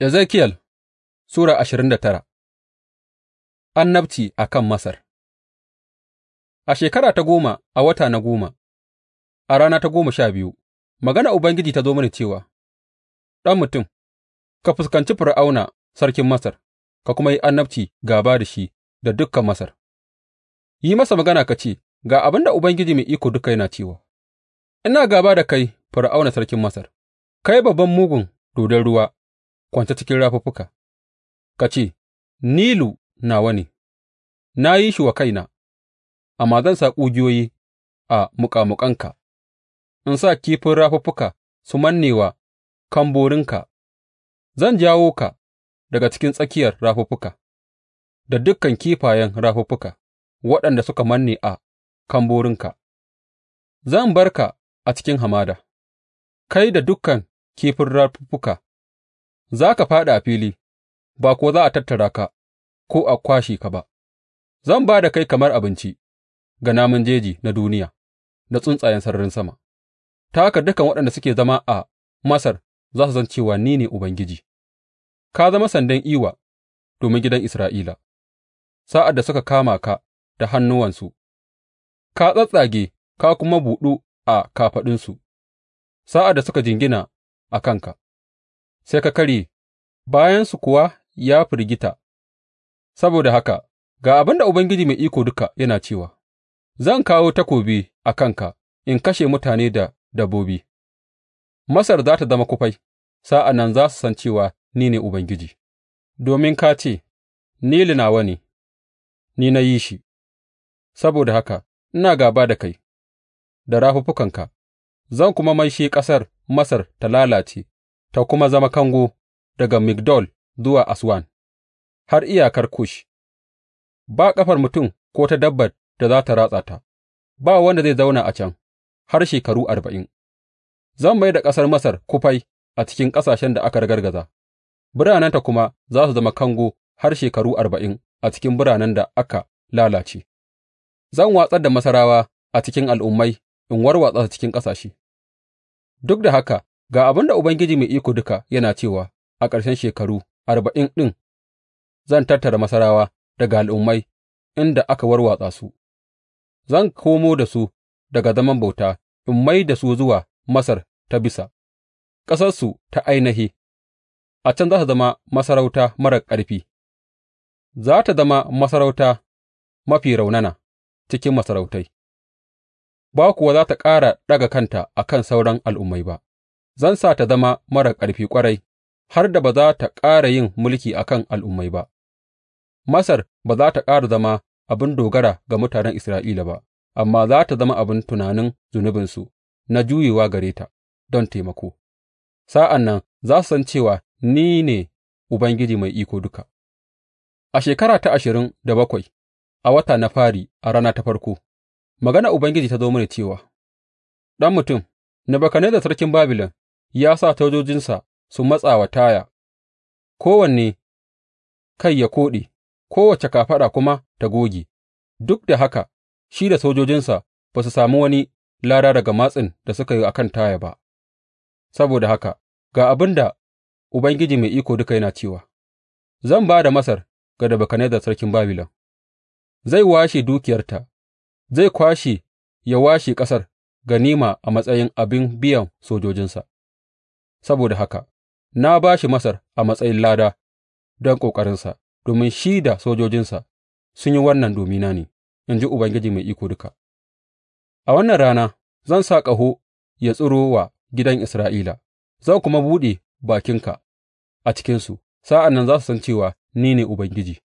Ezekiyel Sura ashirin da tara Annabci a kan Masar A shekara ta goma a wata na goma, a rana ta goma sha biyu, Magana Ubangiji ta zo mini cewa, Ɗan mutum, ka fuskanci Fir'auna sarkin Masar, ka kuma yi annabci gaba da shi da dukan Masar, yi masa magana ka ce, Ga abin da Ubangiji Mai Iko Duka yana cewa, Ina gaba da kai, Fir'auna sarkin Masar, kai babban mugun dodon ruwa kwance cikin rafuffuka, ka ce, Nilu nawa ne, na yi shi wa kaina, amma zan sa ƙugiyoyi a muƙamuƙanka in sa kifin rafuffuka su manne wa kamborinka, zan jawo ka daga cikin tsakiyar rafuffuka, da dukan kifayen rafuffuka waɗanda suka manne a kamborinka, zan bar ka a cikin hamada, kai da dukan kifin rafuffuka za ka fāɗi a fili, ba kuwa za a tattara ka ko a kwashe ka ba; zan ba da kai kamar abinci ga namun jeji na duniya da tsuntsayen sararin sama, ta haka dukan waɗanda suke zama a Masar za su san cewa ni ne Ubangiji, ka zama sandan iwa domin gidan Isra'ila sa'ad da suka kama ka da hannuwansu, ka tsattsage ka kuma buɗu a kafaɗunsu sa'ad da suka jingina a kanka, sai ka karye bayansu kuwa ya firgita; saboda haka ga abin da Ubangiji Mai Iko Duka yana cewa zan kawo takobi a kanka in kashe mutane da dabbobi; Masar za ta zama kufai, sa'an nan za su san cewa ni ne Ubangiji, domin ka ce, Nili nawa ne, ni na yi shi; saboda haka ina gaba da kai da rafuffukanka zan kuma maishe ƙasar Masar ta lalace ta kuma zama kango. daga Migdol zuwa Aswan, har iyakar Kush, ba ƙafar mutum ko ta dabbar da za ta ratsa ta, ba wanda zai zauna a can har shekaru arba'in. Zan mai da ƙasar Masar kufai a cikin ƙasashen da aka ragargaza, biranenta kuma za su zama kango har shekaru arba'in a cikin biranen da aka lalace. Zan watsar da Masarawa a cikin al'ummai in warwatsa su cikin ƙasashe. Duk da haka, ga abin da Ubangiji Mai Iko Duka yana cewa. a ƙarshen shekaru arba'in ɗin zan tattara Masarawa daga al'ummai inda aka warwatsa su, zan komo da su daga zaman bauta in mai da su zuwa Masar ta bisa, ƙasarsu ta ainihi, a can za ta zama masarauta marar ƙarfi, za ta zama masarauta mafi raunana cikin masarautai, ba kuwa za ta ƙara ɗaga kanta a kan sauran al'ummai ba, zan sa ta zama marar ƙarfi ƙwarai. har da ba za ta ƙara yin mulki a kan al'ummai ba, Masar ba za ta ƙara zama abin dogara ga mutanen Isra'ila ba, amma za ta zama abin tunanin zunubinsu na juyewa gare ta don taimako. Sa'an nan za su san cewa ni ne Ubangiji Mai Iko Duka. A shekara ta ashirin da bakwai, a wata na fari a rana ta farko, magana Ubangiji ta zo mini cewa, Ɗan mutum, Nebukadnezzar sarkin Babilon ya sa sojojinsa su matsa wa Taya, kowanne kai ya koɗe, kowace kafaɗa kuma ta goge, duk da haka shi da sojojinsa ba su sami wani lada daga matsin da suka yi a kan Taya ba, saboda haka ga abin da Ubangiji Mai Iko Duka yana cewa, Zan ba da Masar ga Nebukadnezzar sarkin Babilon, zai washe dukiyarta, zai kwashe ya washe ƙasar ganima a matsayin abin biyan sojojinsa, saboda haka na ba shi Masar a matsayin lada don ƙoƙarinsa, domin shi da sojojinsa sun yi wannan domina ne, in ji Ubangiji Mai Iko Duka. A wannan rana zan sa ƙaho ya tsiro wa gidan Isra'ila, zan kuma buɗe bakinka a cikinsu, sa'an nan za su san cewa ni ne Ubangiji.